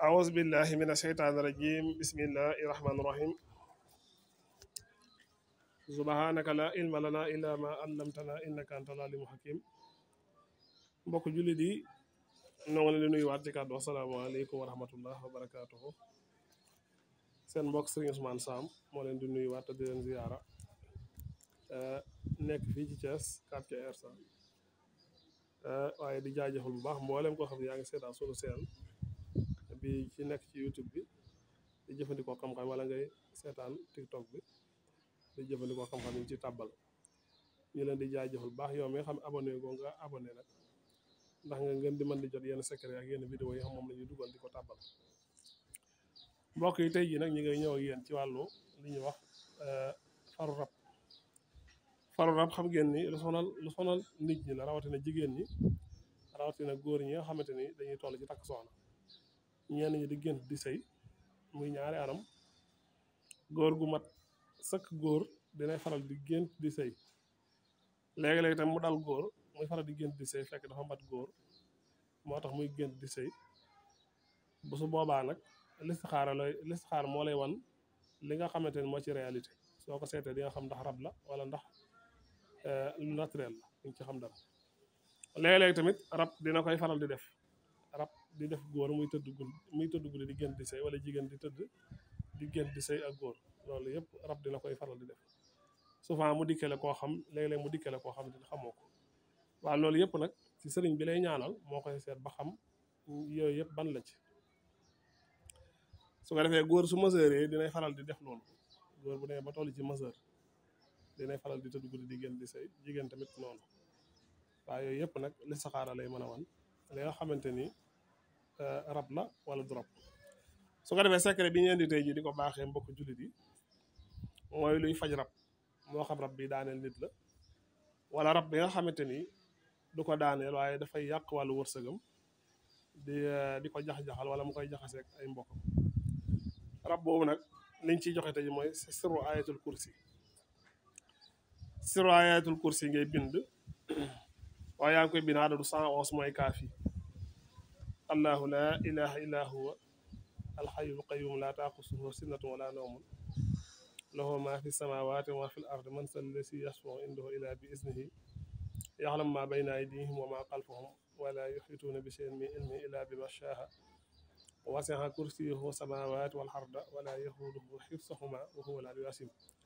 أعوذ بالله من الشيطان الرجيم بسم الله الرحمن الرحيم سبحانك لا علم لنا إلا ما علمتنا إنك أنت العليم الحكيم mbokk julli di noo ngi leen di nuyuwaat ci kàddu asalaamaaleykum wa rahmatullah wa barakaatuhu seen mbokk Serigne Ousmane Sam moo leen di nuyuwaat di leen ziyaara nekk fii ci Thiès quartier Hersal waaye di jaajëfal bu baax mboolem koo xam ne yaa ngi seetaan sunu seen bi ci nekk ci YouTube bi di jëfandikoo xam-xam wala ngay seetaan TikTok bi di jëfandikoo xam-xam yi ci tàbbal ñu leen di jaajëfal baax yow mi nga xam abonné goo nga abonné nag ndax nga ngeen di mën di jot yenn secret ak yenn vidéo yi xam moom la ñuy dugal di ko tàbbal yi tey jii nag ñu ngay ñëw yéen ci wàllu li ñuy wax euh, faru rab faru rab xam ngeen ni lu sonal lu sonal nit ñi la rawatina jigéen ñi rawatina góor ñi nga xamante ni dañuy toll ci takk soxna ñenn ñi di gént di say muy ñaari anam góor gu mat sëkk góor dinay faral di gént di sëy léegi-léegi tam mu dal góor muy faral di gént di sëy fekk dafa mat góor moo tax muy gént di sëy bu su boobaa nag listixaara lay listixaar moo lay wan li nga xamante ni moo ci réalité soo ko seetee di nga xam ndax rab la wala ndax euh, lu naturel la di ci xam dara léeg-léeg tamit rab dina koy faral di def di def góor muy tëdd gul muy tëdd guddi di génn di sëy wala jigéen di tëdd di génn di sëy ak góor loolu yëpp rab dina koy faral di def souvent mu dikkale koo xam léeg-léeg mu dikkale koo xam ne xamoo ko waaw loolu yëpp nag ci sëriñ bi lay ñaanal moo koy seet ba xam yooyu yëpp ban la ci su ko defee góor su mësëree dinay faral di def loolu góor bu ne ba toll ci mësër dinay faral di tëdd di génn di sëy jigéen tamit noonu waaw yooyu yëpp lay mën wan li nga xamante Euh, rab la wala du rab su ko defee secret bi ñu indi tey ji di ko baaxee mbokk jullit yi mooy luy faj rab moo xam rab bi daaneel nit la wala rab bi nga xamante ni du ko daaneel waaye dafay yàq wàllu wërsëgam di euh, di ko jax-jaxal wala mu koy jaxaseek ay mbokk rab boobu nag niñ ciy joxe tey mooy siru ayatul kursi siru ayatul kursi ngay bind waaye yaa ngi koy bind adadu cent onze mooy kaafi الله لا إله إلا هو الحي القيوم لا تأخذه سنة ولا نوم له ما في السماوات وما في الأرض من الذي يشفع عنده إلا بإذنه يعلم ما بين أيديهم وما خلفهم ولا يحيطون بشيء من علمه إلا بما شاء وسع كرسيه السماوات والأرض ولا يهوده حفظهما وهو العلي العظيم